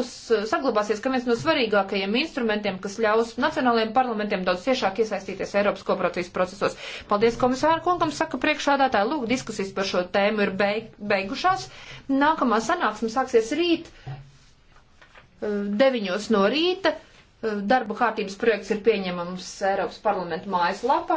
blakus saglabāsies kā viens no svarīgākajiem instrumentiem, kas ļaus nacionālajiem parlamentiem daudz ciešāk iesaistīties Eiropas kooperācijas procesos. Paldies komisāru kungam, saka priekšādātāji, lūk, diskusijas par šo tēmu ir beig beigušās. Nākamā sanāksme sāksies rīt, 9 eh, no rīta. Eh, darba kārtības projekts ir pieņemams Eiropas parlamenta mājas lapā.